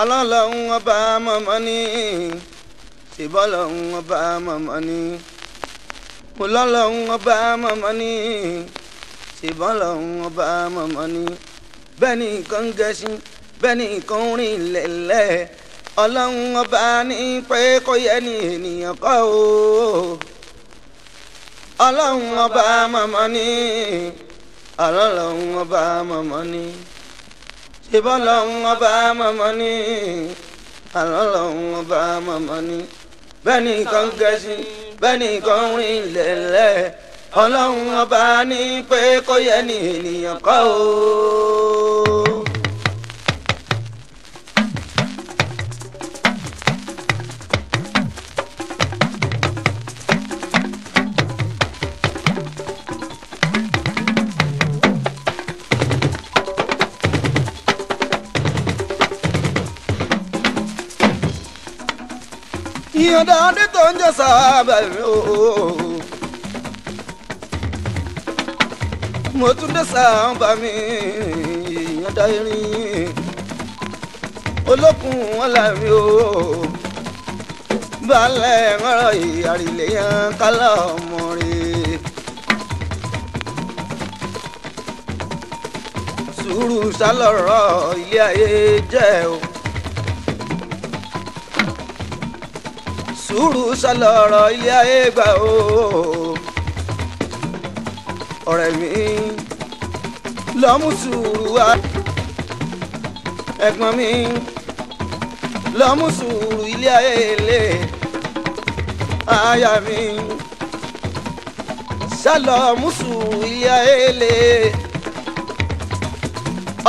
ọlọ́lọ́hún ọba mọ̀mọ́ ni ìbọ́lọ́hún ọba mọ̀mọ́ ni mo lọ́lọ́hún ọba mọ̀mọ́ ni ìbọ́lọ́hún ọba mọ̀mọ́ ni bẹ́ẹ̀ ni nǹkan ń gẹ̀ẹ́sì bẹ́ẹ̀ ni nǹkan rìn lẹ́lẹ́ ọlọ́hún ọba ní pé kó yẹ ni ènìyàn kọ́ o ọlọ́hún ọba mọ̀mọ́ ni ọlọ́lọ́hún ọba mọ̀mọ́ ni ìbọn lọ́hún ọba mọ̀mọ́ ní àlọ́ lọ́hún ọba mọ̀mọ́ ní bẹ́ẹ̀ ni nǹkan gẹ̀ẹ́sì bẹ́ẹ̀ ni nǹkan rìn lẹ́lẹ́ ọlọ́hún ọba ní pé kó yẹ ní ènìyàn kọ́ o. ìyàn dáadé tó ń jẹ sábà ooo. mo tún dé sábà mi ìyàn dá irin olókùn wọn làmì ooo. balẹ̀ mọ́rọ̀ ìyàrìlẹ̀ yẹn kálá ọmọ rẹ̀. sùúrù sálọ̀rọ̀ ilé ayé jẹ́ o. sùúrù sọlọ́rọ̀ ilé ayé gbà o ọ̀rẹ́ mi lọ́mú sùúrù wá ẹ̀gbọ́n mi lọ́mú sùúrù ilé ayé lè aya mi sálọ̀mú sùúrù ilé ayé lè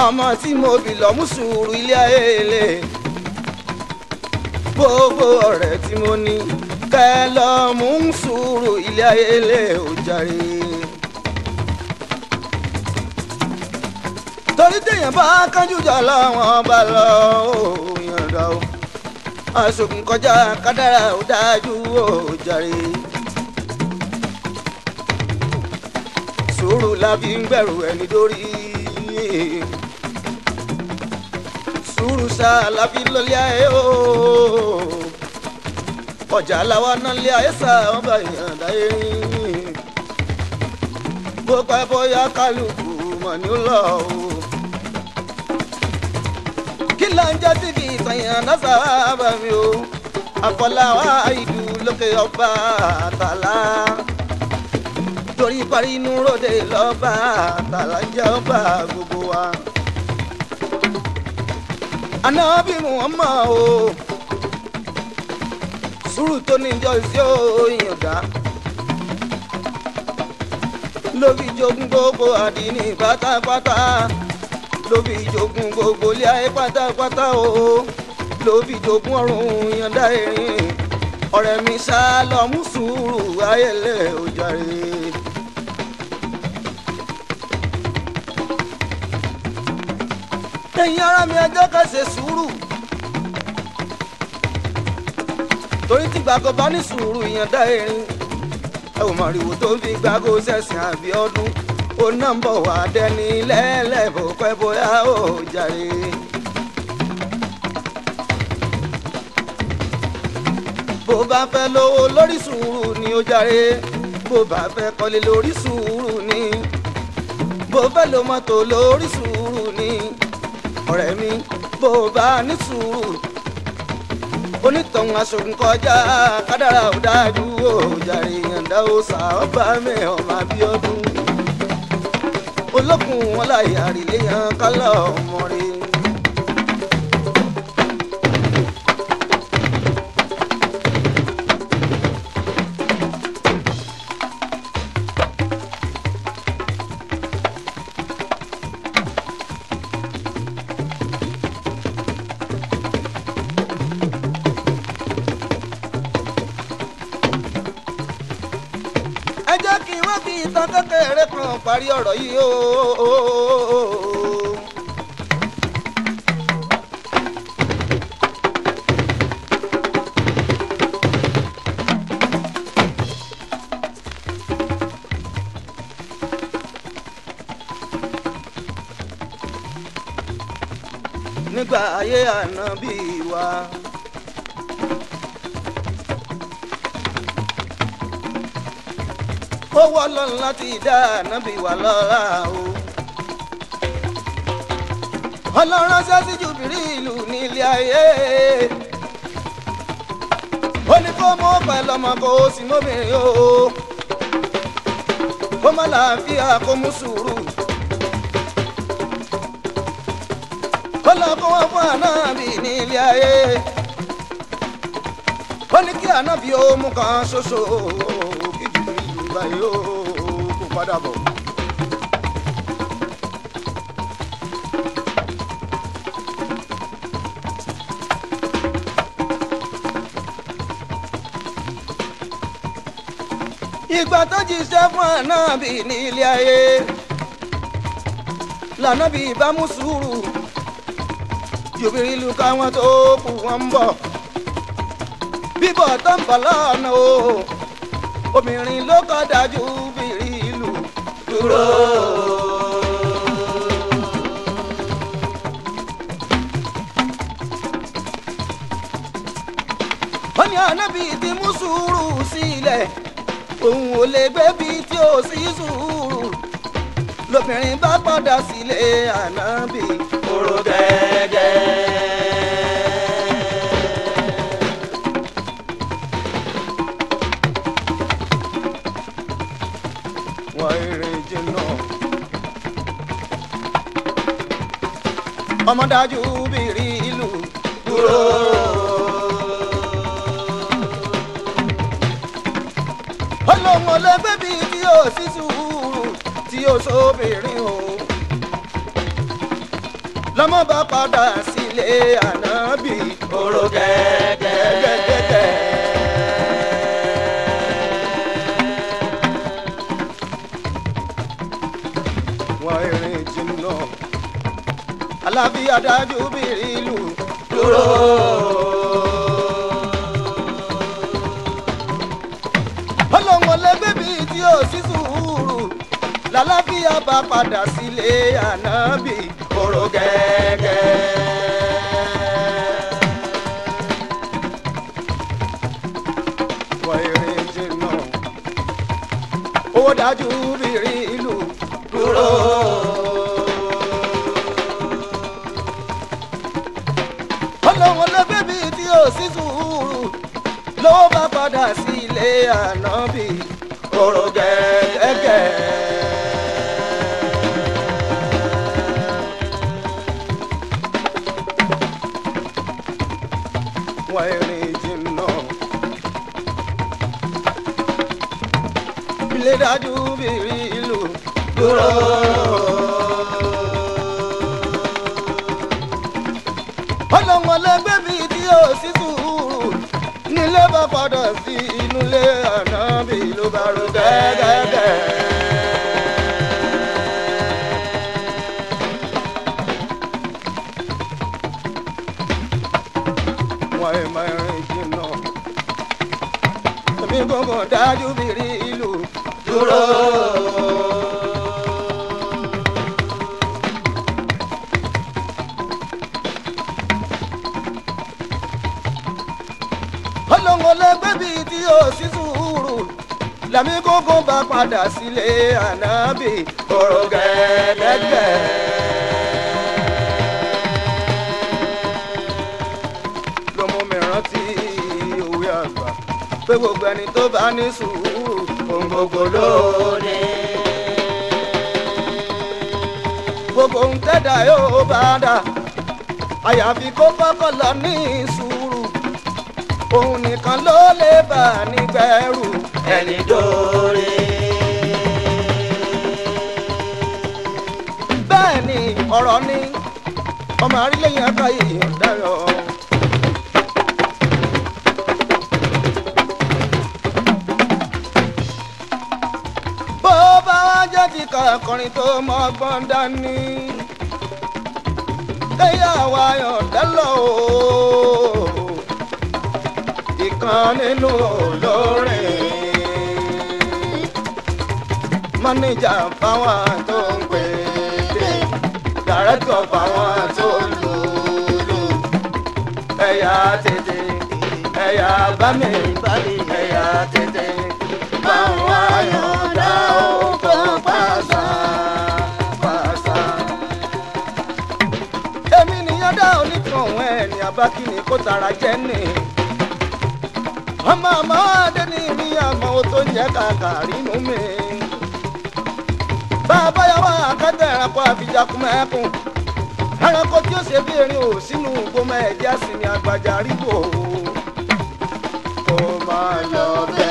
ọmọ tí mo bí lọ́mú sùúrù ilé ayé lè gbogbo ọ̀rẹ́ tí mo ní kẹ́ lọ mú sùúrù ilé ayé lè ó jàre. torí téèyàn bá kánjú jà láwọn ọba lọ òòyàn dá kọjá kádàrà ó dájú ó sùúrù la fi ń gbẹ̀rù ẹni dórí òdùrúṣà alábí lọ́lẹ́ ayé o ọjà làwa náà lé ayé sá wọn bá yàn dáyé yín bó pẹ́ bóyá kálukú mọ̀ ní lọ o. kí ló ń jẹ́ síbi ìtàyàn náà sábà mi o àfọláwá ìlú lókè ọba àtàlà torí parí inú ròde lọ́ba àtàlà ń jẹ́ ọba gbogbo wa. Anabimu muhammad o sùúrù tó níjọ sí òyìn ọ̀gá ló fi jogún gbogbo àdínì pátápátá ló fi jogún gbogbo ilé ayé pátápátá o ló fi jogún ọ̀run yànda erin ọ̀rẹ́ mi sá lọ mú sùúrù ayẹlẹ ojàre. ẹ̀yin ará mi ẹjọ́ kan ṣe sùúrù torí tí gbàgbọ́ bá ní sùúrù ìyànda erin ẹ ò mọ ìrìwò tó ń fi gbàgbọ́ sẹ̀sìn àbí ọdún ó ná ń wá dẹni lẹ́lẹ́bọ̀ pẹ́ bóyá ó jàre. bó bá fẹ́ lówó lórí sùúrù ni ó jàre bó bá fẹ́ kọ́lé lórí sùúrù ni bó fẹ́ lo mọ́tò lórí sùúrù ọ̀rẹ́ mi bó o bá ní sùúrù onítọ̀hún aṣògùn kọjá kádàrá ò dájú o jàre yàǹdà ó sà ọba mi ọmọ Abíọ́dún olókùn wọn láyé àríléyàn kálọ̀ ọmọ rẹ. you ọlọ́run láti dá ànábì wà lọ́ra o. ọlọ́run ránṣẹ́ sí jùbìrí ìlú nílé ayé. ó ní kó mọ́ pẹ̀lú ọmọ kó o sì mọ́bìnrin o. kó má làáfíà kó mú sùúrù. ó lọ kó wọn fún ànábì nílé ayé. ó ní kí ànábì ó mú kan ṣoṣo. Bye, oh padà bọ̀. ìgbà tó jíṣẹ́ fún ànábì ní ilé ayé lànàbì ìbámu sùúrù jòbìrì luka wọn tó kù wọn ń bọ̀ bíbọ̀ tó ń bọ̀ lọ́nà o obìnrin ló kọ́ dájú kúrò. wọ́n ní ànábì ti mú sùúrù sílẹ̀ òun ò lè gbé bí tí ò sí sùúrù lóbìnrin bá padà ọmọdájú bìrì ìlú dúró. olóhùn olóògbé bíi tí yóò sí sùúrù tí yóò sóbìrín o lọ́mọ bá padà sílé ànábì oró kẹ́kẹ́. alábí adájú bìrì ìlú dúró. ọlọ́wọ́n lẹ́gbẹ́ bíi tí ó sì sùúrù lálàáfíà bá padà sílé ànábì kóró gẹ́gẹ́. dájú bìrì ìlú dúró. sọ́dà sí ilé ànábì kòrò gẹ́gẹ́. wọ́n rìn jìnnà ilé dájú bìrì ìlú dúró. ọlọ́mọlẹ́gbẹ́ bíi tí ó sì ló bá padà sí inú ilé ànábì ló bá ro gẹ́gẹ́gẹ́. wọ́n ẹ̀ máa rìn jìnnà èmi gbọ́ngàn dájú mi rí ìlú dúró. padà sílé ànábì ọ̀rọ̀ gẹ̀ẹ́dẹ́gbẹ̀. ló mú mi rántí òwe àgbà pé gbogbo ẹni tó bá ní sùúrù ohun gbogbo ló ní. gbogbo ohun tẹ́dà yóò bá dà àyàfi kó kọ́kọ́ lọ ní sùúrù òun nìkan ló lè bà nígbà ẹrù ẹni dóore. bẹ́ẹ̀ ni ọ̀rọ̀ ni ọmọ àrílẹ̀yìn àbáyé ọ̀daràn. bó bá wá jẹ́ ti kọ̀ọ̀kọ̀rin tó mọ ọgbọ́n dání kéyàwó ayọ̀ dẹ́lọ́ o ìkan nínú olórin mọ́nìjà fáwọn tó ń pè é dàrẹ́tọ̀ fáwọn tó ń lò lò ẹ̀yà tètè ẹ̀yà bá mi ẹ̀yà tètè báwọn ayọ̀dá òkò pàṣà pàṣà. èmi nìyẹn dá onítàn ẹ̀ ní abákíní kó tara jẹ́ nìyẹn ọmọ ọmọ adé ni mi àmọ́ ó tó jẹ́ kàkà rínú mi bàbá yà wá àkàndá ẹranko àfijakun mẹ́kùn ẹranko tí ó ṣe bí erin ò sínú gbọmọ ẹ̀jẹ̀ sinmi àgbàjà rígbò kò máa lọ bẹ́ẹ̀.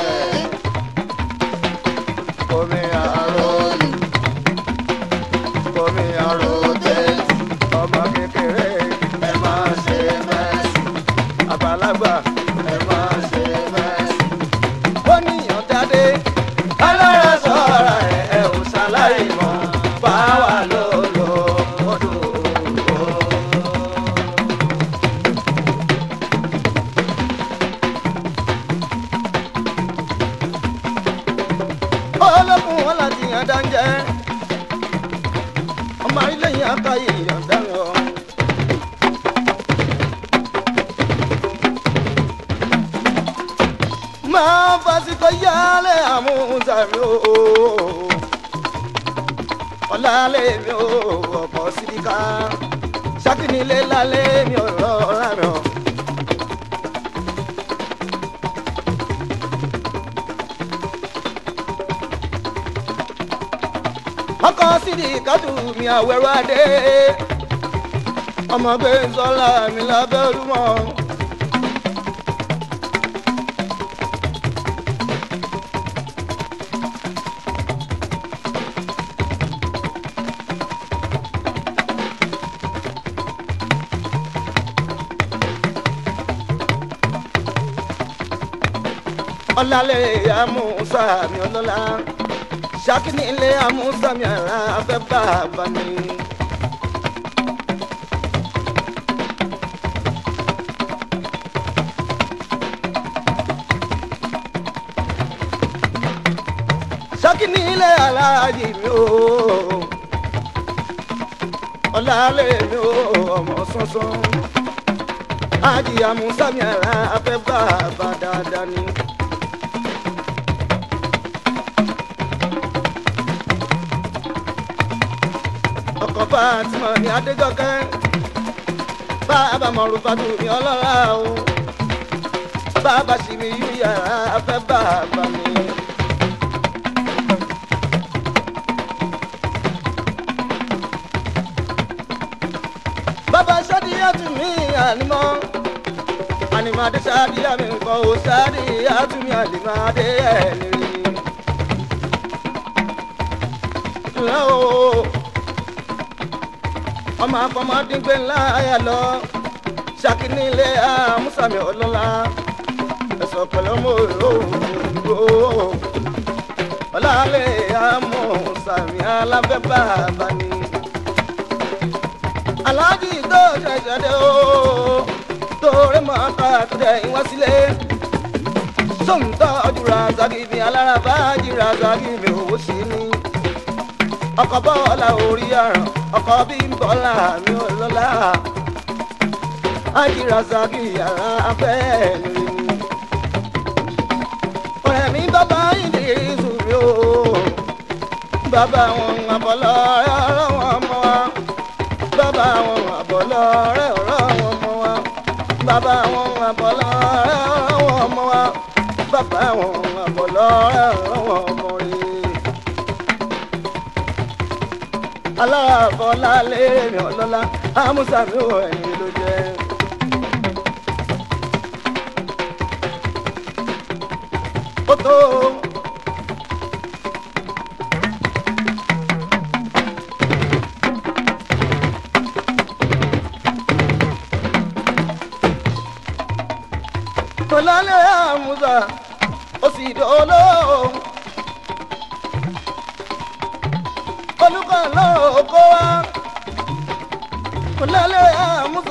sídi kátó mi àwẹ̀rọ adé ọmọ gbé sọ́la mi lábẹ́ olúmọ. ọlálẹ̀ àmúṣà mi ọlọ́lá ṣáàkì ní ilé amúgbàmì ara afẹ́ bàbá ni. ṣáàkì ní ilé aláàjì mi o ọ̀làlẹ̀ mi o ọmọ sọ́sọ́ àjìyà musa mi ara afẹ́ bàbá dáadáa ni. Rupert Moni Adégòkè bàbá mọ Rupatu mi ọlọ́lá o bàbá sì mi yú yàrá afẹ́ bàbá mi. bàbá sádìyà tún mi ànímọ́ ànímọ́ adé sádìyà mi nǹkan o sádìyà tún mi ànímọ́ ọmọ afọmọdégbé ńlá ayà lọ ṣáàkì ní ilé àmúsàmì ọlọ́lá ẹ̀sọ̀ pẹ̀lú ọmọ òyìnbó ọ̀làlẹ̀ àmúsàmì alábẹ́ bàbá ni. aláàjì tó ṣẹ̀ṣẹ̀dẹ̀ o torí mọ́ ta tẹ̀ ìwá sílé sóńtọ́ ọdún razagi mi alára bá jí razagi mi òwò sí ni ọkọ bọ́ọ̀lá orí ọ̀ràn ọkọ bí ń bọ́lá mi ò lọ́lá ájírasaki yàrá afẹ́ lórí mi. ọ̀rẹ́ mi bàbá ìdírí sùúrù o bàbá wọn àbọ̀lọ́ ọ̀rọ̀ wọn mọ́ wa bàbá wọn àbọ̀lọ́ ọ̀rọ̀ wọn mọ́ wa bàbá wọn àbọ̀lọ́ ọ̀rọ̀ wọn mọ́ wa bàbá wọn àbọ̀lọ́ ọ̀rọ̀. aláàfọlá lèmi ọlọ́lá amúsà mi ò ẹni ló jẹ́. ó tó. amusa.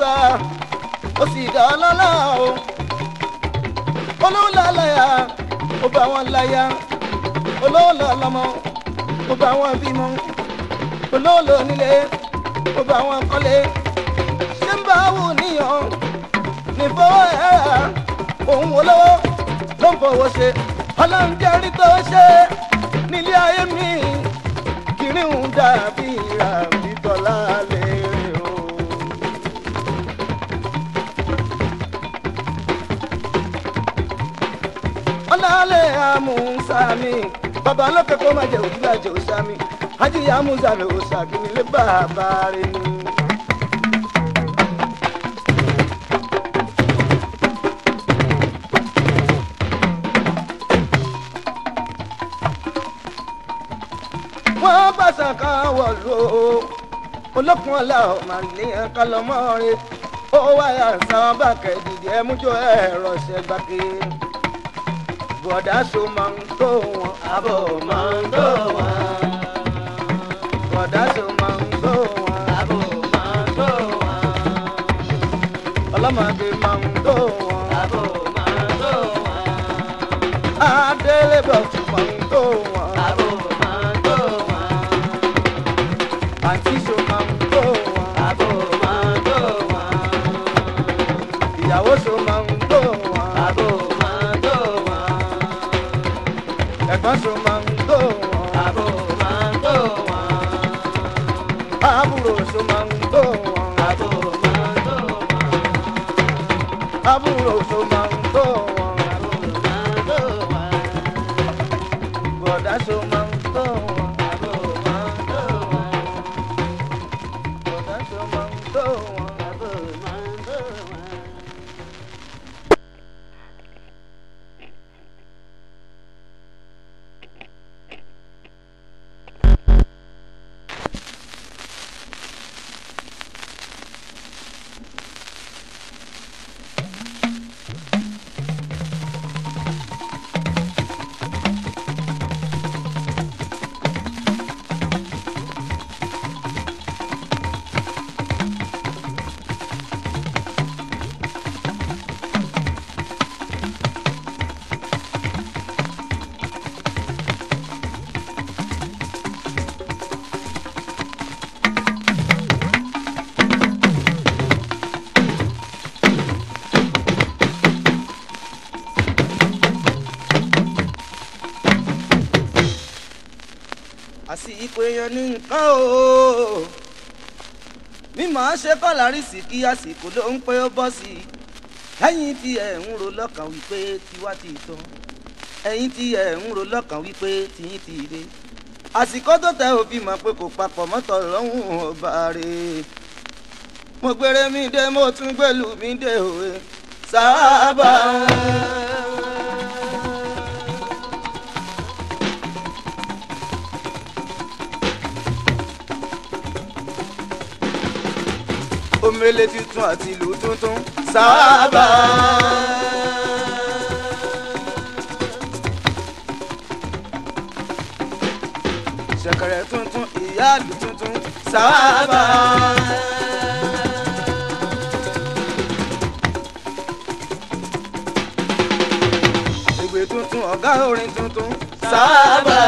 gbà ó sì dá ọlọ́lá o olóńlá láyà ó bá wọn láyà olóńlá lọ́mọ ó bá wọn bímọ olóńlá nílé ó bá wọn kọ́lé ṣé ń bá wù níyàn ní fọwọ́ ẹ̀ rà òun olówó ló ń fọwọ́ ṣe ọlọ́run tó ṣe nílé ayé mi kiri ń dàbí ìràbí tọ́lá lọ. babalẹ̀ amúnsá mi bàbá lókè kó má jẹ òjìlájẹ òṣà mi ajíyá amúnsá mi òṣà lé bàbá rẹ ni. wọ́n bàṣà kan wọ̀lú olókun ọ̀la ọ̀mà nìyẹn kan lọ́mọ́ rẹ̀ ó wáyà sábà kẹ́ẹ̀dìdì ẹ̀ mújọ ẹ̀rọ ṣẹ́gbàkẹ́ bọ̀dá so máa ń tó wọn. àbò máa ń tó wọn. ṣe ní nǹkan o mímọ̀ ṣe fàlàrí sí kí àsìkò ló ń pé ó bọ́ sí i ẹ̀yin tí ẹ̀ ń ro lọ́kàn wípé tiwa ti tán ẹ̀yin tí ẹ̀ ń ro lọ́kàn wípé tiyín ti dé àsìkò tó tẹ òfin mọ̀ pé kò papọ̀ mọ́tò lọ́hùn ọba rẹ̀ mo gbére mi dé mo tún gbèlú mi dé òwe sábà. omele tuntun àti ìlú tuntun sábà. ṣẹ̀kẹ̀rẹ̀ tuntun ìyá ìlú tuntun sábà. ìwé tuntun ọ̀gá orin tuntun sábà.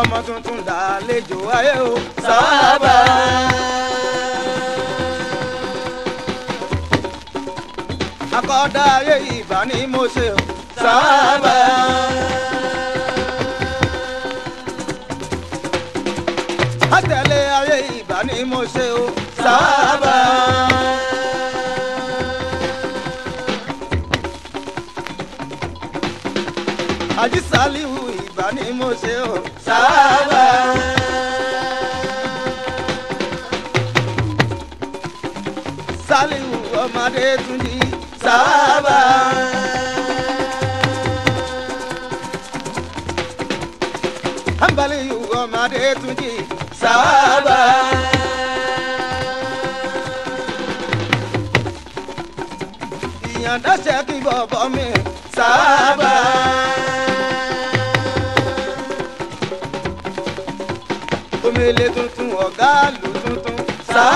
ọmọ tuntun làlejò ayé o sábà. akọ́dá ayé ìbá ni mo ṣe o sábà. àtẹ̀lé ayé ìbá ni mo ṣe o sábà.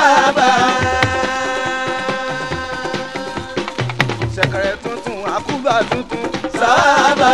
bàbá. ṣẹ̀kẹ̀rẹ̀ tuntun àkúgbà tuntun sábà.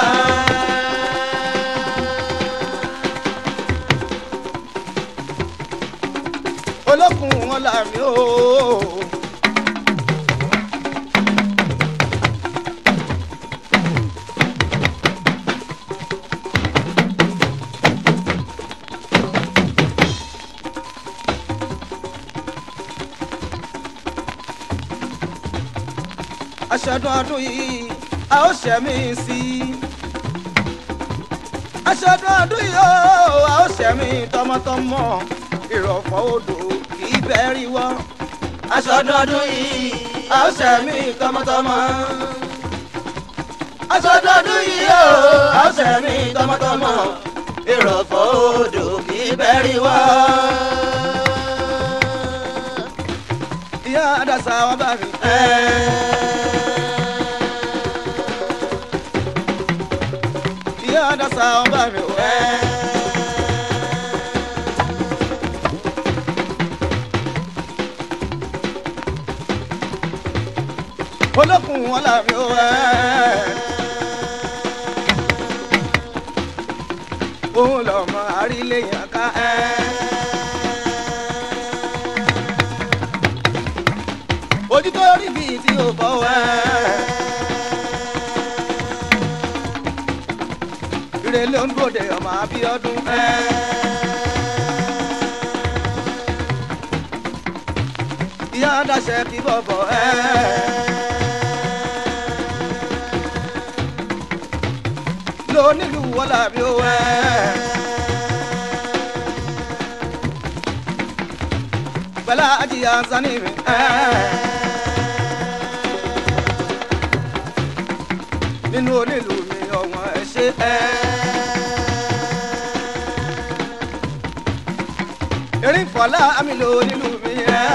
ọdún yìí a ó ṣẹ̀mí sí i. aṣọ́dún ọdún yìí ó a ó ṣẹ̀mí tọmọtọmọ ìrọ̀fọ́ odò kì í bẹ́ẹ̀ rí wọ́. aṣọ́dún ọdún yìí a ó ṣẹ̀mí tọmọtọmọ. aṣọ́dún ọdún yìí ó a ó ṣẹ̀mí tọmọtọmọ ìrọ̀fọ́ odò kì í bẹ́ẹ̀ rí wọ́. ìyá àdàsá wọn bá mi. dasa ọba mi o. olókùn ọlá mi o. òun lọ́mọ àrílé yàn ká. Eh. ojú tó rí bíi tí o bọ̀ wá. bòde ló ń bòde ọmọ Abíọ́dún. ìyá adáṣẹ kí bọ̀bọ̀. ló nílùú wọlá mi ó wẹ́. pẹ̀lá ajíyá sanni mi. nínú onílù mi ọ̀wọ́n ẹ̀ ṣe. fọlá mi lò nílùú mi ẹ̀.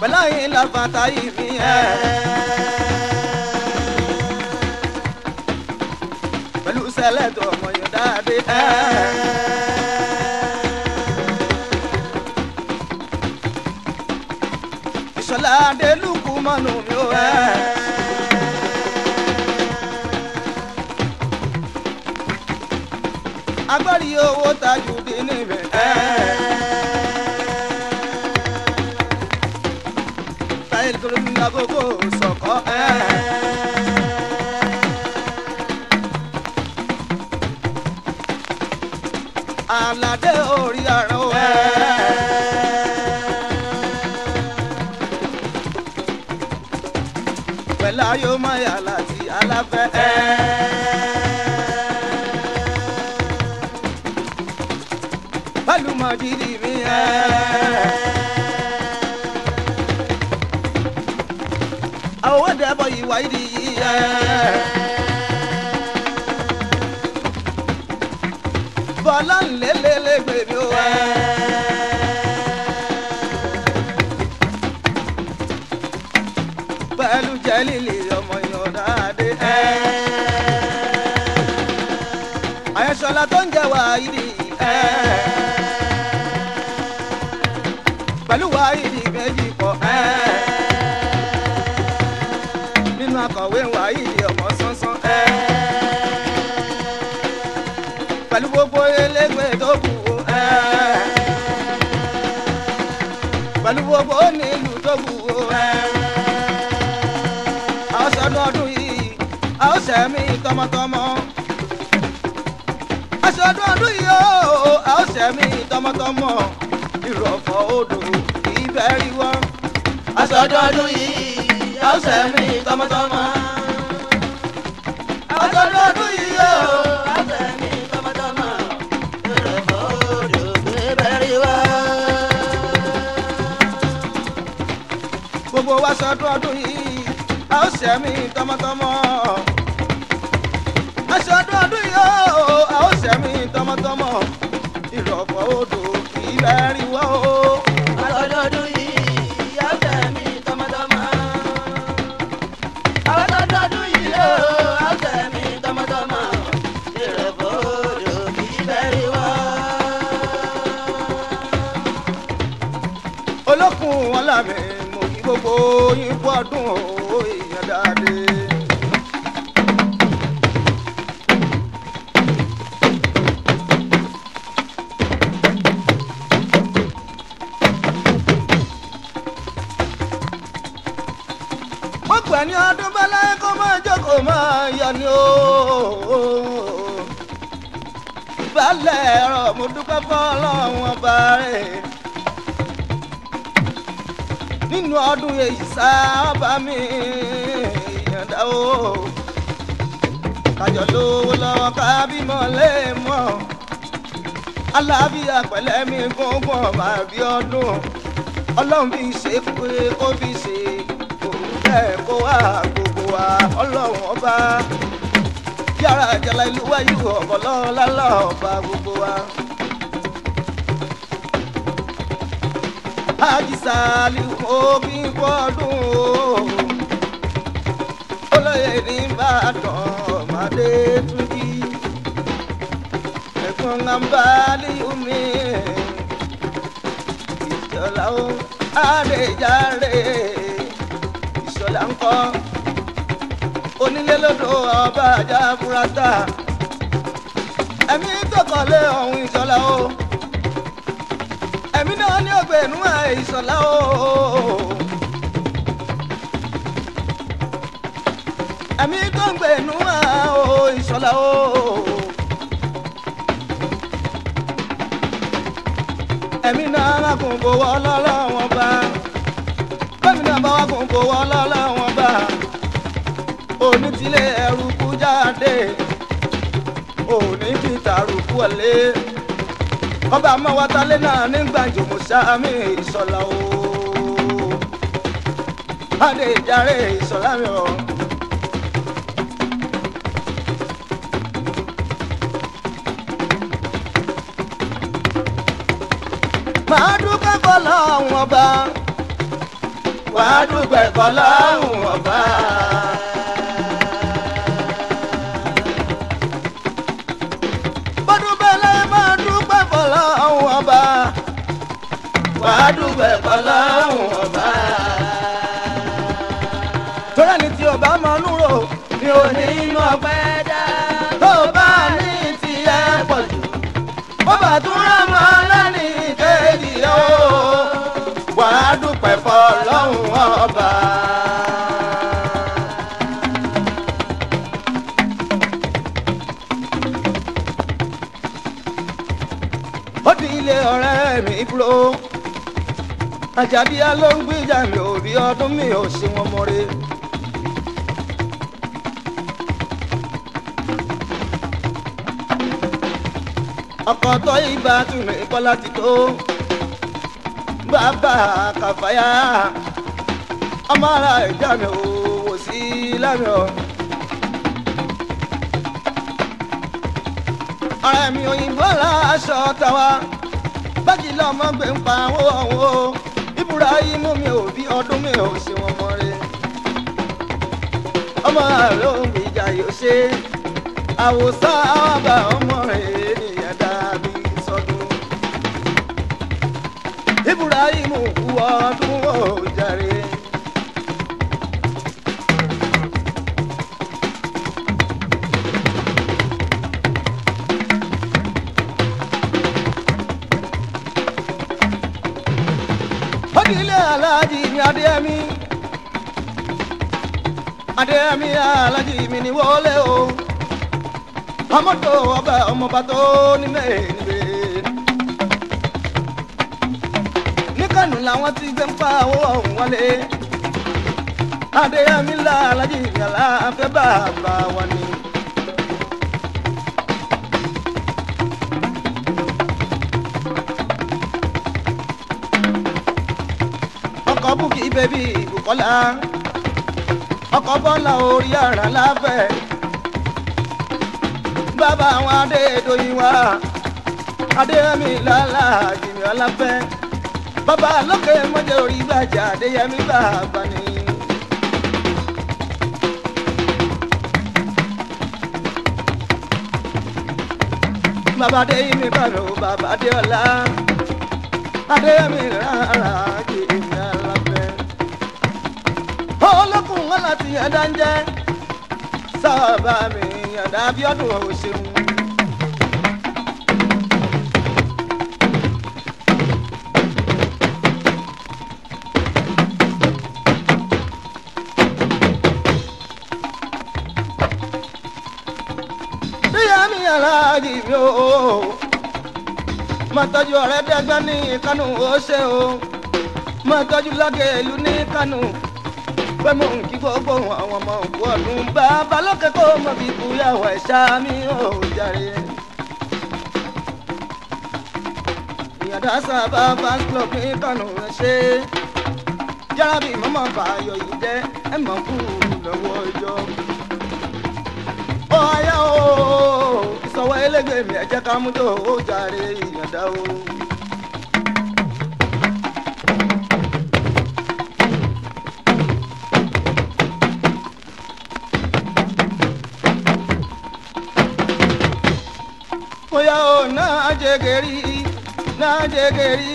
pẹ̀lá yìí la bàtà yìí mi ẹ̀. pẹ̀lú sẹ́lẹ̀ tó ọmọ yóò dáadé ẹ̀. ìṣọ̀lá adélùkù mọ́nù mi ò ẹ̀. aládé orí ara. sẹ̀mí tọmọtọmọ. aṣọ́dún ọdún yìí ó a ó sẹ̀mí tọmọtọmọ ìrọ̀fọ̀ odò ibẹ̀ rí wọ́n. aṣọ́dún ọdún yìí a ó sẹ̀mí tọmọtọmọ. aṣọ́dún ọdún yìí ó a ó sẹ̀mí tọmọtọmọ ìrọ̀fọ̀ odò ibẹ̀ rí wọ́n. gbogbo wa ṣọdún ọdún yìí a ó sẹ̀mí tọmọtọmọ aṣọ ọdún ọdún yìí ó a ó ṣẹ̀mí tọmọtọmọ ìrọ̀fọ̀ odò kì í bẹ́ẹ̀ rí wá o. aṣọ ọdún ọdún yìí. olókun ọlámi mo kí gbogbo yín kú ọdún o èèyàn dáadé. ni ó balẹ̀ ẹ̀rọ mo dúpẹ́ fọlọ́run ọba rẹ̀ nínú ọdún èyí sábà mi yànda o kájọ lówó lọ́wọ́ ká bímọ alábíyá pẹ̀lẹ́ mi gbogbo ọba àbí ọdún ọlọ́run fi ṣe pé ó fi ṣe òun bẹ́ẹ̀ kó wá gbogbo wa ọlọ́run ọba alágbára àjàlá ìlú wáyé ọ̀bọ̀lọ́run lálọ́ ọba gbogbo wa. àjíṣà ni mo kí n kú ọdún o olóyè ní ìbàdàn ọ̀mádé túnjí ẹ̀gbọ́n nàmbá ní omi ìjọba ó àrèjàre ìṣọ̀lá ńkọ́ onílé lódò ọba àjà burata ẹ̀mí tọkọ̀lé ọ̀hún ìṣọ̀lá o ẹ̀mí náà ní ògbénú àì ìṣọ̀lá o. ẹ̀mí tó ń gbénú àì ìṣọ̀lá o. ẹ̀mí náà kò bọ̀ wọ́ lọ́lọ́wọ́n bá gómìnà bá wà kò bọ̀ wọ́ lọ́lọ́wọ́n. onítìlẹ̀ ẹrù kú jáde òní fi tàrùkù ọ̀lẹ́ ọba mọ́wátálẹ́ náà ní gbàǹjo mùsàmì ìsọ̀lá o adé ìjàre ìsọ̀lá mi o. màá dúpẹ́ kọ́ ọba wàá ọba. wàá dùgbẹ̀ pọ̀lọ́hún ọba. tọ́lá ni tí ọba mọ́nú rò ni ò ní mọ́ àjàdíyá ló ń gbìjà mi ò rí ọdún mi ò ṣe wọn mọ́re. ọkọ̀ tó ibà tún ní kọ́lá ti tó bàbá kàfáyà ọmọ ara ìjà mi ò wò sí lámìọ. ara mi òyìnbó la tàwa bájì lọ́mọ gbé ń pa owó ọ̀hún Ibrahim mi ò bí ọdún mi ò ṣe wọn mọ rẹ ọmọ rẹ ò ń gbìjà yóò ṣe àwòsá àbá ọmọ rẹ nìyẹn dàbí sọdún Ibrahim kú ọdún wọn. adéyẹmí adéyẹmí alájí mi ni wọlé o amọ́tò ọba ọmọba tó ní mẹ́ẹ̀ẹ́nìbẹ́. ní kánú làwọn ti gbé ń pa owó ọ̀hún wọlé adéyẹmí alájí mi aláfẹ́ bàbá wa ni. bébí Bùkọ́lá ọkọ̀ bọ́lá orí ara láfẹ̀ bàbá àwọn Adédoyin wa Adéyẹmí lálá jìnnì ọláfẹ́ bàbá lókè mọ́jẹ́ orí gbàjà Adéyẹmí bàbá ni. bàbá Adéyẹmí bàrò bàbá Adéọlá Adéyẹmí rárá olókùn wọn láti yànda ń sábà mi yànda Abíọ́dún ò ṣeun. aláàjì mi ní Kánò ó ṣe o máa tọ́jú lọ́gẹ̀ẹ́lú ní Kánò pé mò ń kí gbogbo àwọn ọmọ òkú ọdún bàbá lókè kó mọ bí ìbúyàwó ẹ̀ṣá mi ò jàre. ìyàdásá bàbá club ní kànú ẹ ṣe járàbí mọ́mọ́ bàyọ̀ yìí jẹ́ ẹ mọ̀ kú lọ́wọ́ ọjọ́. ó ayá o ìsọ̀wọ́ ẹlẹ́gbẹ̀ẹ́ mi ẹ jẹ́ ká mú tó o jàre ìyàdá o. yao na jegeri na jegeri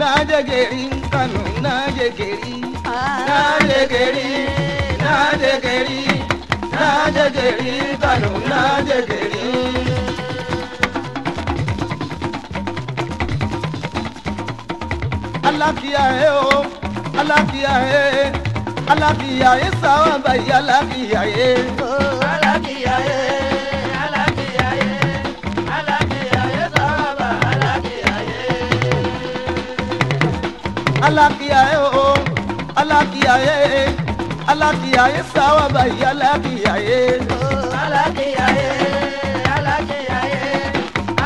na jegeri kanu na jegeri na jegeri na jegeri na jegeri kanu na jegeri. alákìá ẹ o alákìá ẹ alákìá ẹ sáwọn báyìí alákìá ẹ. alakiyaye o alakiyaye alakiyaye sawaba yi alakiyaye. alakiyaye alakiyaye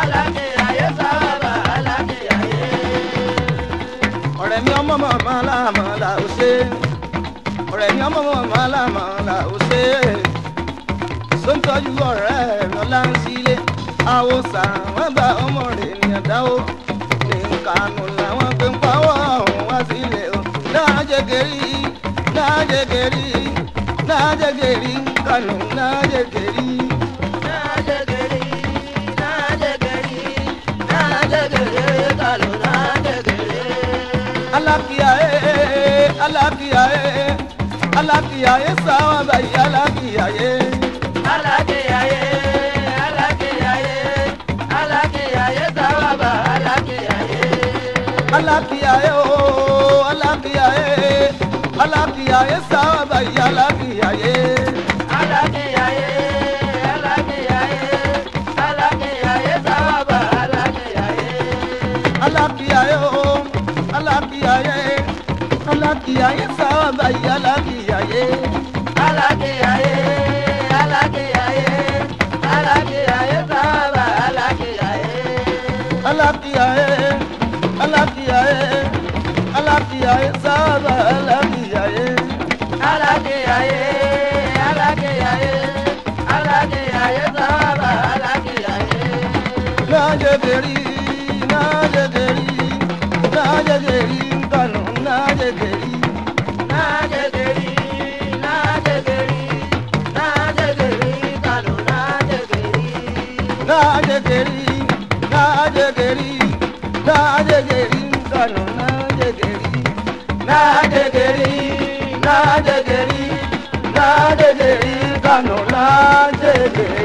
alakiyaye sawaba alakiyaye. ọ̀rẹ́ mi ọmọ màmá làmà là ó ṣe ọ̀rẹ́ mi ọmọ màmá làmà là ó ṣe sọ́ńtọ́jú ọ̀rẹ́ mi ọ̀la ń sílé àwòsàn wọn gba ọmọ rẹ̀ ní ẹ̀dáwó ní nkanu làwọn gbé ń pa. नाजगेरी नाजगेरी नाजगेरी करो नाजगेरी नाजगेरी नाजगेरी नाजगेरी करो नाजगेरी अल्लाह किया है अल्लाह किया है अल्लाह किया है सावा भाई अल्लाह किया alákìyáyé. alákìyáyé alákìyáyé alákìyáyé sábà alákìyáyé. alákìyáyé o alákìyáyé alákìyáyé sábà alákìyáyé. alákìyáyé alákìyáyé alákìyáyé sábà alákìyáyé. alákìyáyé alákìyáyé alákìyáyé sábà alákìyáyé. je gari na je gari na je gari Kano na je gari na je gari na je gari na je gari Kano na je gari